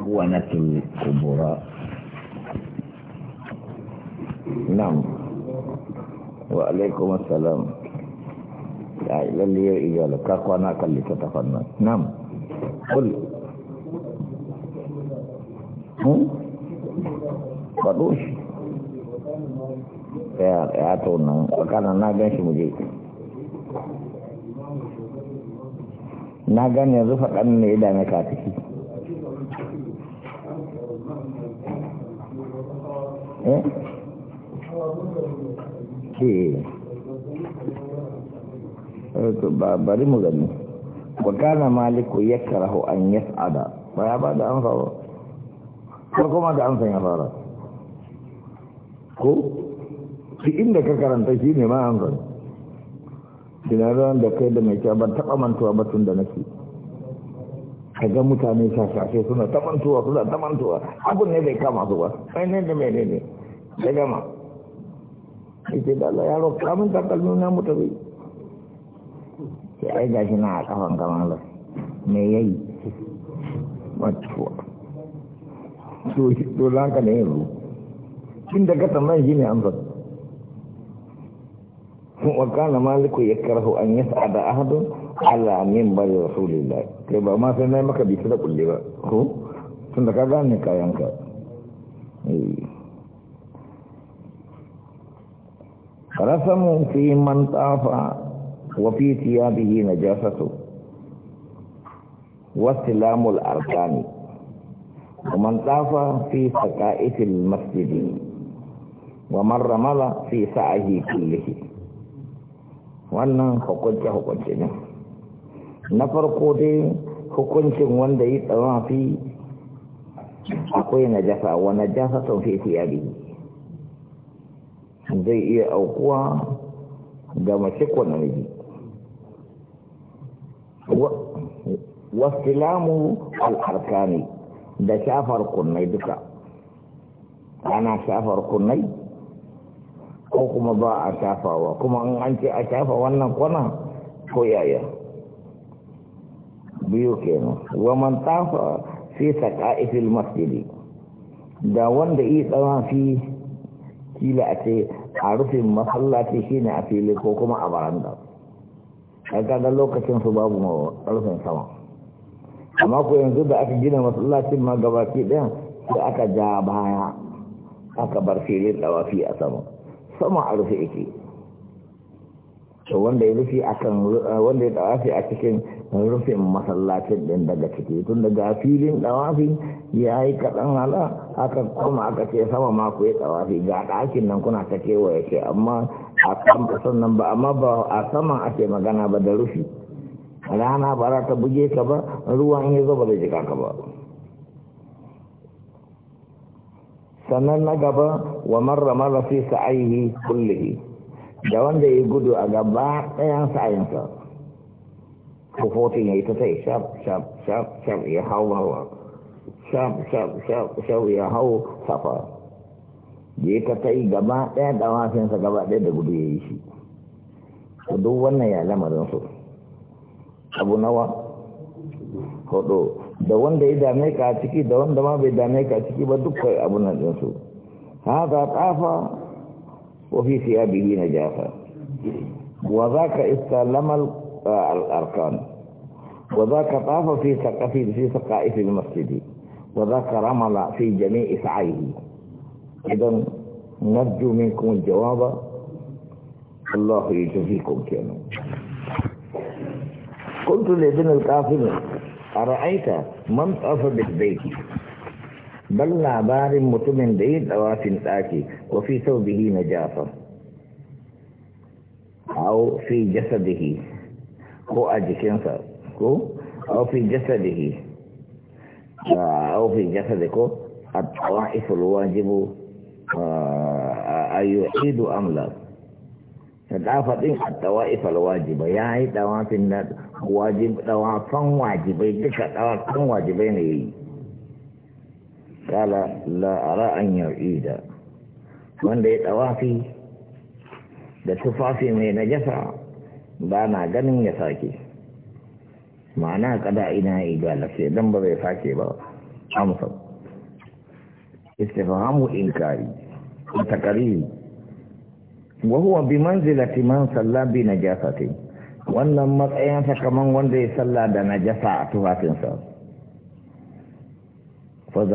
buwanatul kubura nan wa alaikum salam. ya lalliyar iyalu ka kwana kalli ta fanna nan kul hun faɗo shi ya taunan Bakana na gan shi muje na gan yanzu faɗan ne ya dame ka Eh? Eh, bari mu gani wakana maliku ya karahu an yas'ada ba ya ba da an fara ko kuma da an sanya fara ko shi inda ka karanta shi ne ma an zan dinaran da kai da mai kya ban taɓa mantuwa batun da nake ka ga mutane sasashe suna ta mantuwa suna tamantuwa abin ne bai kama su ba sai ne da mene ne ya gama ita da Allah yaro kamun takalmi na mutu bai sai ai shi na a kafan kamalar me yayi matuwa to to lanka ne yanzu Kin da gatan nan shine amsar wa kana maliku yakrahu an yas'ada ahadun ala min bari rasulillah kai ba ma sai nai maka bita da kulle ba ko tun da ka gane kayanka eh. rasamu fi man tafa wa fi thiyabihi najasatu wa silamul arkani man ومن طاف في سقائف المسجد ومن رمل fi سعه كله wannan hukunce-hukunce ne na farko dai hukuncin wanda yi fi akwai na jasa, wa jasa sun fi tiyari zai iya aukuwa ga mace ko namiji wasilamu ne da shafar kunnai duka ana shafar kunnai ko kuma ba a shafawa kuma an ce a shafa wannan kwana ko yaya biyu kenan wa man tafa fi saqa'ifil masjid da wanda yi tsawon fi kila a ce a rufin masallaci shine a fili ko kuma a baranda kaga lokacin su babu rufin sama amma ko yanzu da aka gina masallacin ma gabaki ɗaya sai aka ja baya aka bar filin tsawafi a sama sama a rufe yake to wanda ya rufi akan wanda ya dawafi a cikin rufin masallacin din daga ciki tun daga filin dawafi ya yi kaɗan hala aka kuma aka ce sama mako ya yi dawafi ga ɗakin nan kuna ta kewaye ce amma a kan sannan ba amma ba a saman ake magana ba da rufi rana ba za ta buge ka ba ruwa ya zo ba zai jika ka ba sannan na gaba wa marra marra fi sa'ayi kullihi da wanda ya gudu a gaba ɗayan sa'ayinsa kofotin ya yi ta sai shaf shaf shaf shaf ya hau hawa shaf shaf shaf shaf ya hau safa ya ta sai gaba ɗaya ɗawafinsa gaba ɗaya da gudu ya yi shi duk wannan ya lamarin su abu nawa hudu da wanda ya dame ka ciki da wanda ma bai dame ka ciki ba duk kai abu nan ɗinsu haka tsafa وفي ثيابه نجافة وذاك استلم آه، الأركان وذاك طاف في سقف في سقائف المسجد وذاك رمل في جميع سعيه إذا نرجو منكم الجواب الله يجزيكم كانوا قلت لابن القاسم أرأيت من طاف بالبيت bal labarin mutumin da yi dawafin ɗaki wa fi sau bihi na jafa au fi jasadihi ko a jikinsa ko au fi jasadihi au ah, fi jasadi ko ah, a tsawa'iful wajibu a yi idu amla da dafaɗin a tsawa'iful wajiba ya yi dawafin wajib dawafan wajibai duka dawafan wajibai ne yi kala la ara an yu'ida wanda ya tawafi da tufafi mai najasa ba na ganin ya sake ma'ana kada ina igala sai don ba zai sake ba amsa istifhamu inkari takariri wa huwa bi manzilati man salla bi najasatin wannan matsayansa kaman wanda ya salla da najasa a tufafinsa fa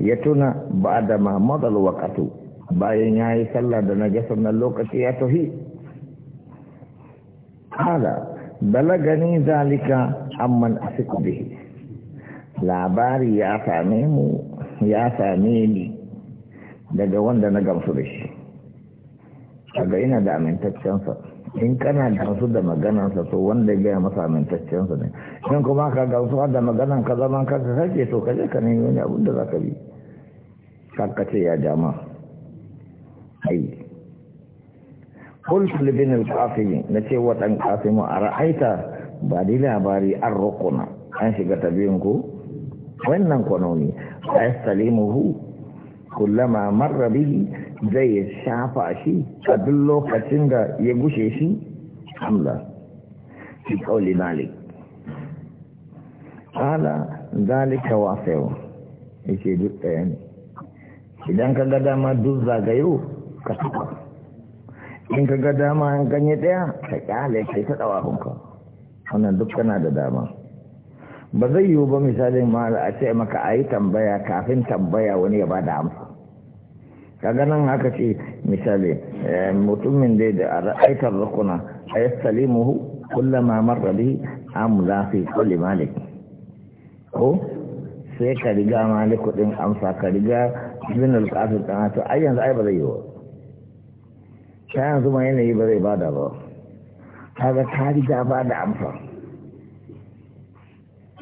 ya tuna ba da mamadal wakatu bayan ya yi sallah da najasar nan lokaci ya tafi hala balagani zalika amman asiku bihi labari ya same mu ya same ni daga wanda na gamsu da shi kaga ina da amintaccensa in kana da da maganarsa, to wanda ya gaya masa amintaccensa ne in kuma ka ga wasu da maganar ka zaman kanka sake to ka je ka nemi wani abu da za ka bi ka ce ya jama ai kulsu libin alƙafi na ce wa ɗan ƙafi mu a ra'aita ba da labari an rukuna an shiga tabiyan ku wannan kwanoni a yi salimu hu kullama marra bihi zai shafa shi a duk lokacin da ya gushe shi hamla fi kauli malik ala zalika wasayo yake duk ɗaya ne idan ka ga dama duk zagayo ka tuka in ka ga dama an ganye ɗaya ka kyale kai ta hunka wannan duk kana da dama ba zai yiwu ba misalin ma a ce maka a yi tambaya kafin tambaya wani ya ba da amsa kaga nan haka ce misali eh, mutumin dai da ra'aitar rukuna a ya salimuhu kullama marra bihi Amula fi kulli malik ko sai ka riga maliku din amsa ka riga bin al-qasim dan to ai yanzu ai ba zai yi ba ta yanzu ma yanayi ba zai bada ba kaga ka riga ba da amsa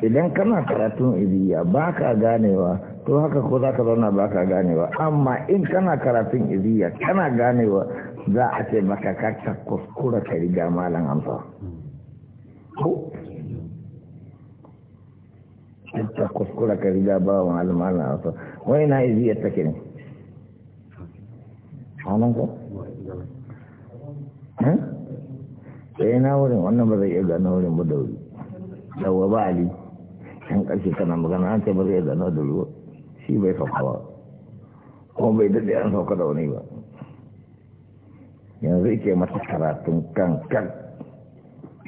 idan kana karatun ibiya ba ka ganewa to haka ko za ka zauna ba ka ganewa amma in kana karatun iziya kana ganewa za a ce maka kakta kuskura ka riga malan amsa ko ta kuskura ka riga ba wa malam amsa wani na iziya take ne halin ko? sai eh? eh, na wurin wannan ba zai iya gano wurin ba da wuri dawa ba ali yan ƙarshe kana magana an ce ba zai gano da ruwa shi bai sauka ba kuma bai quan an sauka da wani ba yanzu ike mata karatun kankan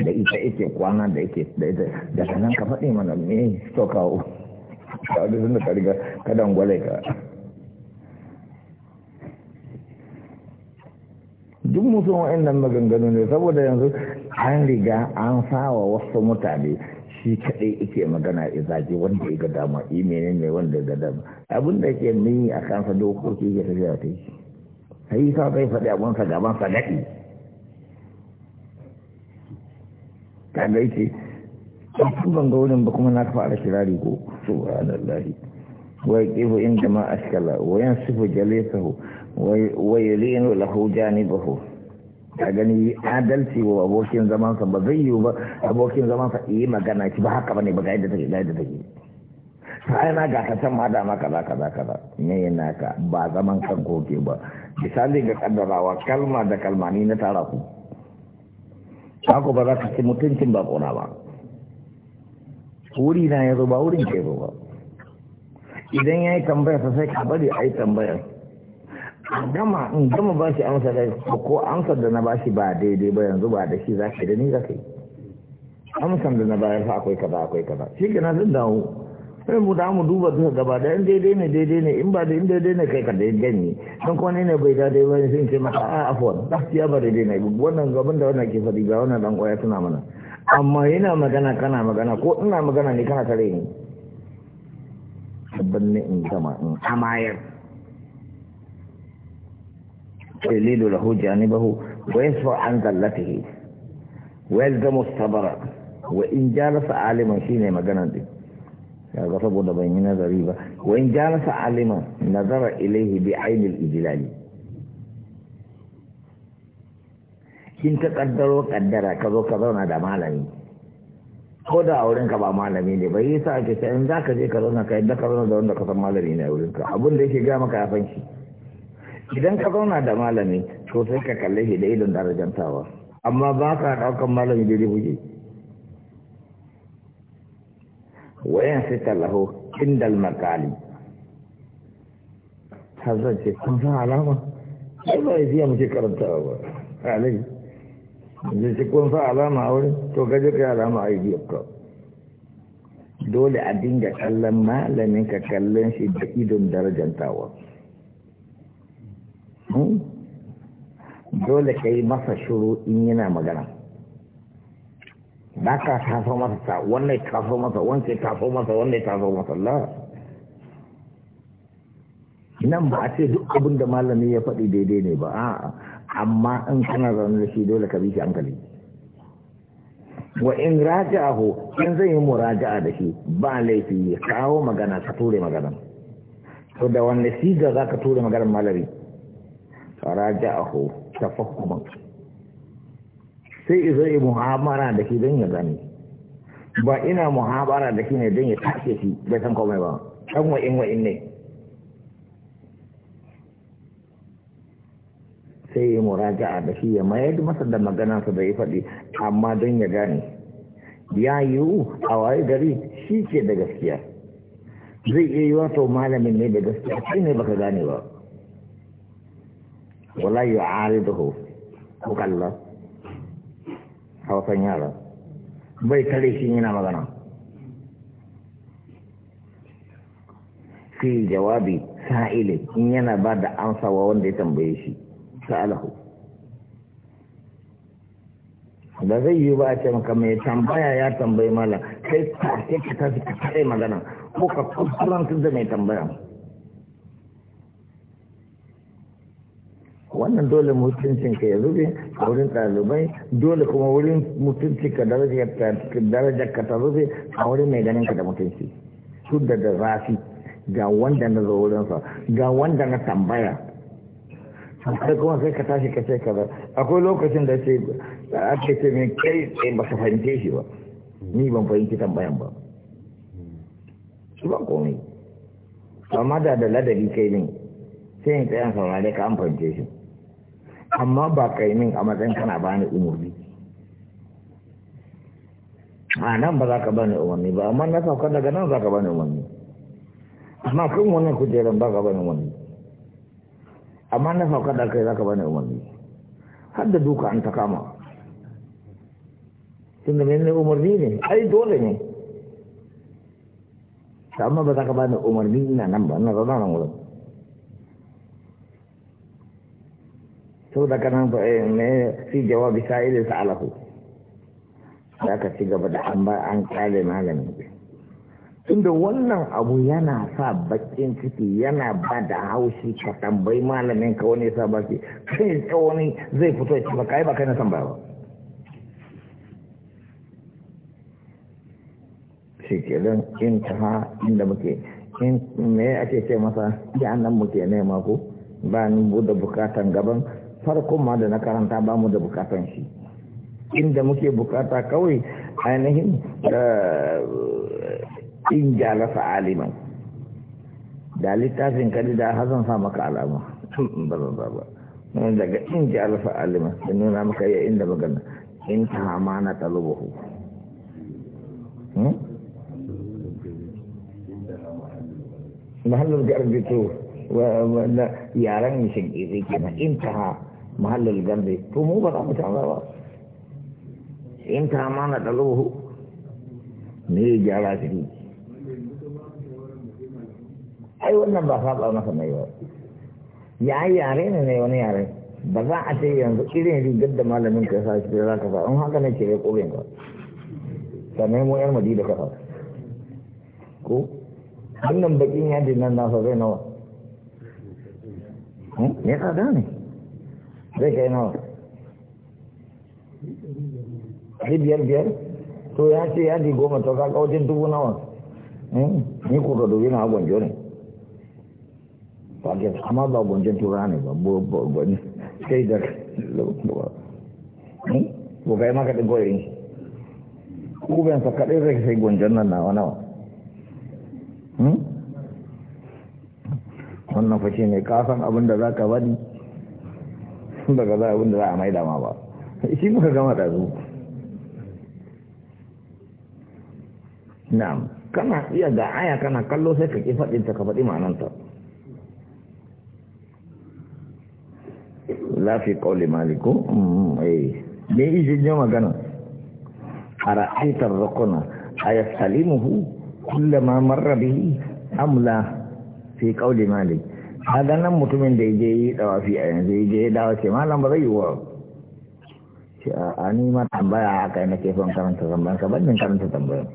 da ita ike kwana da ike da kanan ka faɗi mana me saukawo ta wadda sun da kariga kadan gwale ka duk mutum wa'in nan maganganu ne saboda yanzu anh sao, an sawa wasu mutane shi kadai ike magana ya zage wanda ya ga dama yi menene ne wanda ya ga dama abin da ke ni a kansa dokoki ya tafiya ta yi sai sa zai faɗi sa gaban sa daɗi ga yake tun ban ga wurin ba kuma na fara kirari ko subhanallahi in jama'a inda ma ashkala wa yansifu jalisahu wa yulinu lahu janibahu ka gani adalci wa abokin zamansa ba zai yiwu ba abokin zamansa iya eh, magana ci ba haka bane ba ga yadda take ga yadda take sai na ga kasan ma da maka za kaza kaza me yana ka ba zaman kan goge ba misali ga kaddarawa kalma da kalma ni na tara ku ku ba za ka ci mutuncin ba kona ba wuri na ya zo ba wurin ke zo ba idan ya yi tambayar sai ka bari a yi tambayar gama in gama ba shi amsa da ko amsa da na ba shi ba daidai ba yanzu ba da shi za ka da ni za ka yi amsa da na bayar fa akwai kaza akwai kaza shi ke na zan dawo sai mu damu duba duka gaba da in daidai ne daidai ne in ba da in daidai ne kai ka da gani don kuma ne ne bai daidai ba ne sun ce maka a afuwan gaskiya ba daidai ne wannan gaban da wannan ke faɗi ga wannan dan koya tuna mana amma yana magana kana magana ko ina magana ne kana tare ni tabbanni in gama in amayar يليل له جانبه ويصفع عن ذلته ويلزم الصبر وإن جالس عالما حين مجانا دي يا غصب دبينينا ذريبة وإن جالس عالما نظر إليه بعين الإجلال إن تقدر وقدر كذا كذا نادى مالاي koda a wurinka ba malami ne ba yi sa ake sai in za ka je ka zauna ka yadda ka zauna da wanda ka san malami ne a wurinka abin da yake gama ka ya fanki shi idan ka zauna da malami to sai ka kalle shi da idon darajantawa amma ba ka ɗaukan malami da rubuce wayan sai tallaho indal makali hazan ce kun san alama sai ba ya muke karantawa ba alai zai ce kun san alama a wurin to gaje ka alama a yi biyar ka dole a dinga kallon malamin ka kallon shi da idon darajantawa Hmm? dole ka yi masa shuru in yana magana ba ka taso masa ta wannan taso masa wanke taso masa wannan taso masa la nan ba a ce duk abin da malami ya faɗi daidai ne ba a'a amma in kana zaune da shi dole ka bi shi hankali wa in raja'ahu in zai yi muraja'a da shi ba laifi ya kawo magana ka ture magana to da wanne siga za ka ture maganar malami raja'ahu tafahuman sai izo yi muhabara da shi don ya gani ba ina muhabara da shi ne don ya tashe shi bai san komai ba ɗan wa'in wa'in ne sai muraja muraja'a da shi ya mayar masa da maganansa da ya faɗi amma don ya gane ya yiwu a waye gari shi ke da gaskiya zai iya yi wato malamin ne da gaskiya shi ne baka gane ba wala yu'ariduhu mukallaf hausan yara bai kare shi yana magana fi jawabi sa'ili in yana ba da amsawa wanda ya tambaye shi sa'alahu da zai yi ba a ce maka mai tambaya ya tambayi mala sai ta ce ka tafi ka magana ko ka kusurantar da mai tambaya wannan dole mutuncin ka ya zube a wurin ɗalibai dole kuma wurin mutunci ka daraja ka ta zube a wurin mai ganin ka da mutunci su da da zafi ga wanda na zo wurinsa ga wanda na tambaya sai kuma sai ka tashi ka ce zai akwai lokacin da ce ake ce min kai tsaye ba ka fahimce shi ba ni ban fahimci tambayan ba su ba komai amma da da ladabi kai ne sai in tsayan saurare ka an fahimce shi amma ba kaimin a matsayin kana bani umarni a nan ba za ka bani umarni ba amma na sauka daga nan za ka bani umarni amma kun wannan kujeran ba ka bani umarni amma na sauka da kai za ka bani umarni har da duka an ta kama tunda mai ne umarni ne ai dole ne amma ba za ka bani umarni ina nan ba na zauna nan wurin to daga nan ne eh, fi jawabi sa'ilin alahu za ka ci gaba da an ba an kale malamin tunda wannan abu yana sa bakin ciki yana ba da haushi ka tambayi malamin ka wani sa baki kai tsawoni zai fito ya ci ba kai ba kai na tambaya ba shi ke don in ta ha inda muke in me ake ce masa ya nan muke nema ko ba ni bude bukatan gaban farkon ma da na karanta ba mu da bukatan shi inda muke bukata kawai ainihin eh, in jalasa aliman da littafin kadi da hazan sa maka alama ba ba ba daga in jalasa aliman da nuna maka ya inda magana in ta hama na talubahu hmm? mahallar garbito to yaren mishin izi kenan in ta mahallin gambe to mu ba za mu canza ba in ta mana ɗaluhu ne ya gyara shi ai wannan ba saba masa mai ba ya yi yare ne ne wani yare ba za a ce yanzu irin rigar da malamin ka sa shi za ka fa in haka ne ke ya ƙorin ka sannan mu yar madina ka fa ko wannan bakin yadin nan nasa zai nawa ne tsada ne zai kai nawa ɗari biyar biyar to ya ce ya ji goma to kaka wajen dubu nawa hmm? ni kuka dubi na gwanjo ne fagen amma ba gwanjon tura ne ba gwani sai da ko hmm? kai maka ɗin goyi kuben sa kaɗai zai sai gwanjon nan nawa nawa hmm? wannan fashe ne kasan abin da za ka bani tun daga za abin da za a mai dama ba shi muka gama da zu na'am kana iya ga aya kana kallo sai ka ki faɗin ta ka faɗi ma'ananta lafi ƙauli maliku mm, eh me izin yi magana a ra'aitar rukuna a yasalimu salimuhu kullama marra bihi amla fi ƙauli maliku a ganin mutumin da je yi dawafi a yanzu ya je ya dawo ce malam ba zai yi wa ce a ni ma tambaya haka na ke son karanta tambayan ka bannin karanta tambayan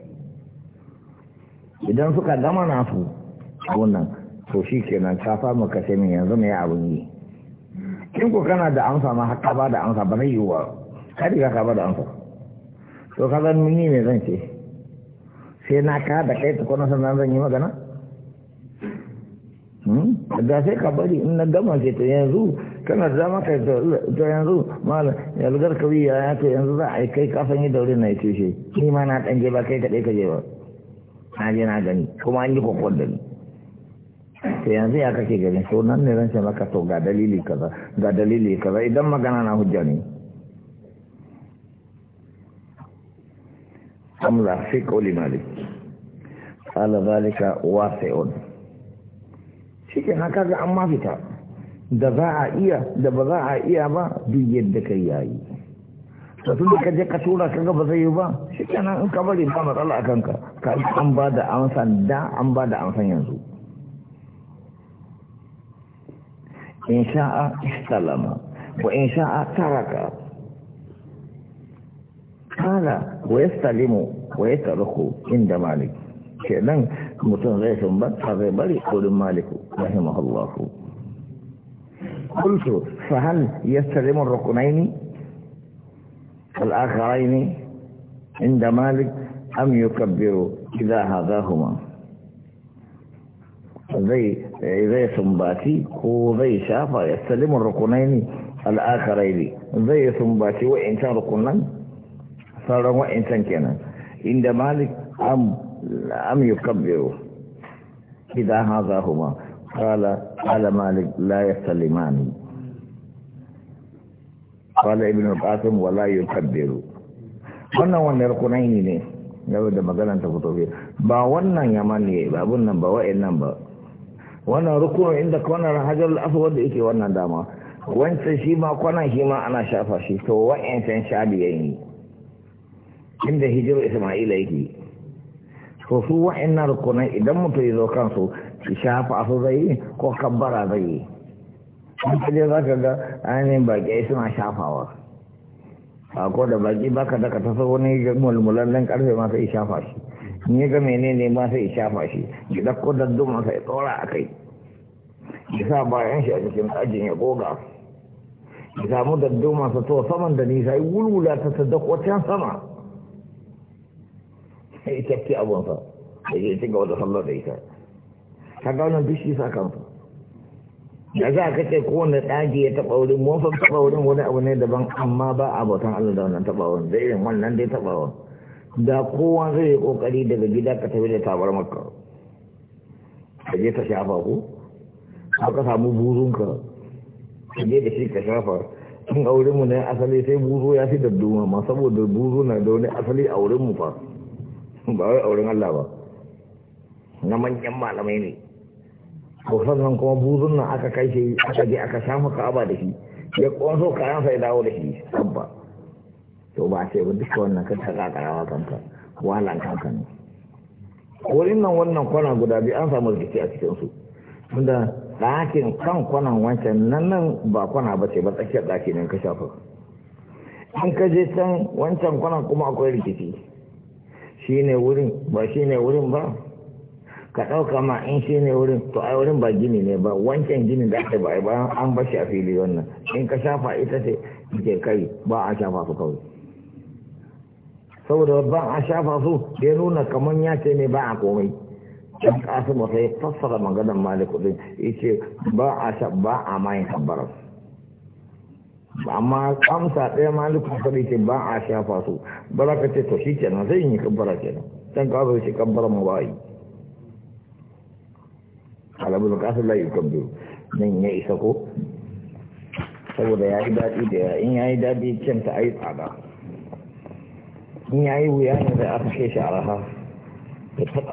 idan suka gama nasu wannan to shi kenan ka fama kashe min yanzu mai abin yi kin ku kana da amsa ma haka ba da amsa ba zai yi wa ka ka ba da amsa to ka zan ni ne zan ce sai na ka da kai tukuna sannan zan yi magana Hmm? da sai ka bari in na gama ce ta yanzu kana da dama kai ta yanzu malam yalgar kawi ya ya to yanzu za a yi kai kafan yi daure na ya shi ni ma na ɗan je ba kai kaɗai ka je ba na je na gani kuma an yi kwakwar da ni ta yanzu ya kake gani so nan ne ran ce maka to ga dalili kaza ga dalili kaza idan magana na hujja ne amla fi qawli malik ala zalika wasi'un shi ke haka ga an mafita da za a iya da ba za a iya ba duk yadda kai yayi da tun da ka je ka tura ka ga ba zai yi ba shi kenan in ka bari ba matsala a kanka ka an ba da amsa da an ba da amsan yanzu in sha'a istalama wa in sha'a taraka kala wa yastalimu wa yataruku inda malik kenan mutum zai sumbata zai bari kodin maliku رحمه الله قلت فهل يستلم الركنين الآخرين عند مالك أم يكبر إذا هذاهما زي زي سنباتي وزي شافا يستلم الركنين الآخرين زي ثنباتي وإن كان ركنا صار وإن كان كان عند مالك أم أم يكبر إذا هذاهما قال قال مالك لا يسلمان قال ابن القاسم ولا يكبر wannan wannan rukunaini ne yau da magana ta fito ba wannan yaman ne ba abun nan ba wa'in nan ba wannan rukunin inda kwanar hajjar aswad da yake wannan dama wancan shi ma kwanan shi ma ana shafa shi to wa'in can sha biyan yi inda hijirar isma'ila yake to su wa'in na rukunan idan mutu ya zo kansu shafa su zai yi ko kabbara zai yi an kaje za ka ga ainihin baƙi suna shafawa a ko da baƙi baka da ka taso wani nan karfe ma yi shafa shi in game ga ne ma yi shafa shi ki ɗauko dadduma sai tsora a kai Ki sa bayan shi a cikin ajin ya goga ya samu dadduma sa to saman da nisa ya wulwula ta ta can sama sai yi tafi abunsa da ya ci gaba sallar da ita ka ga wannan duk shi sa kansa da za ka ce kowane tsagi ya taɓa wurin mofin taɓa wurin wani abu ne daban amma ba a bautan Allah da wannan taɓa wurin da irin wannan dai taɓa wurin da kowa zai yi ƙoƙari daga gida ka tafi da tabar maka ka je ka shafa ko ka samu buzunka ka je da shi ka shafa in aurenmu ne asali sai buzo ya fi dadduma ma saboda buzo na da wani asali aurenmu fa ba wai auren Allah ba na manyan malamai ne to sannan kuma buzun nan aka kai shi aka je aka samu ka'aba da shi ya kwanso kayan sai dawo da shi sabba to ba sai ba duka wannan kan taka karawa kanka wahalan kanka ne wurin nan wannan kwana guda biyu an samu rikici a cikin su tunda ɗakin kan kwanan wancan nan nan ba kwana ba ce ba tsakiyar ɗaki ne ka shafa an ka je can wancan kwanan kuma akwai rikici shine wurin ba shine wurin ba ka ɗauka ma in shi ne wurin to ai wurin ba gini ne ba wancan gini da aka bai bayan an bashi a fili wannan in ka shafa ita ce ke kai ba a shafa su kawai saboda ba a shafa su ya nuna kamar ya ce ne ba a komai can kasu ba sai fassara maganar maliku din ya ce ba a ba a mayin kabbarar amma kamsa ɗaya maliku kaɗai ce ba a shafa su baraka ce to shi kenan zai yi kabbara kenan can kasu shi kabbara mu ba yi alamun kasar layu kabbiru nan ya isa ko saboda ya yi daɗi da in ya yi daɗi kyanta a yi tsada in ya yi wuya ne da aka shi shi a raha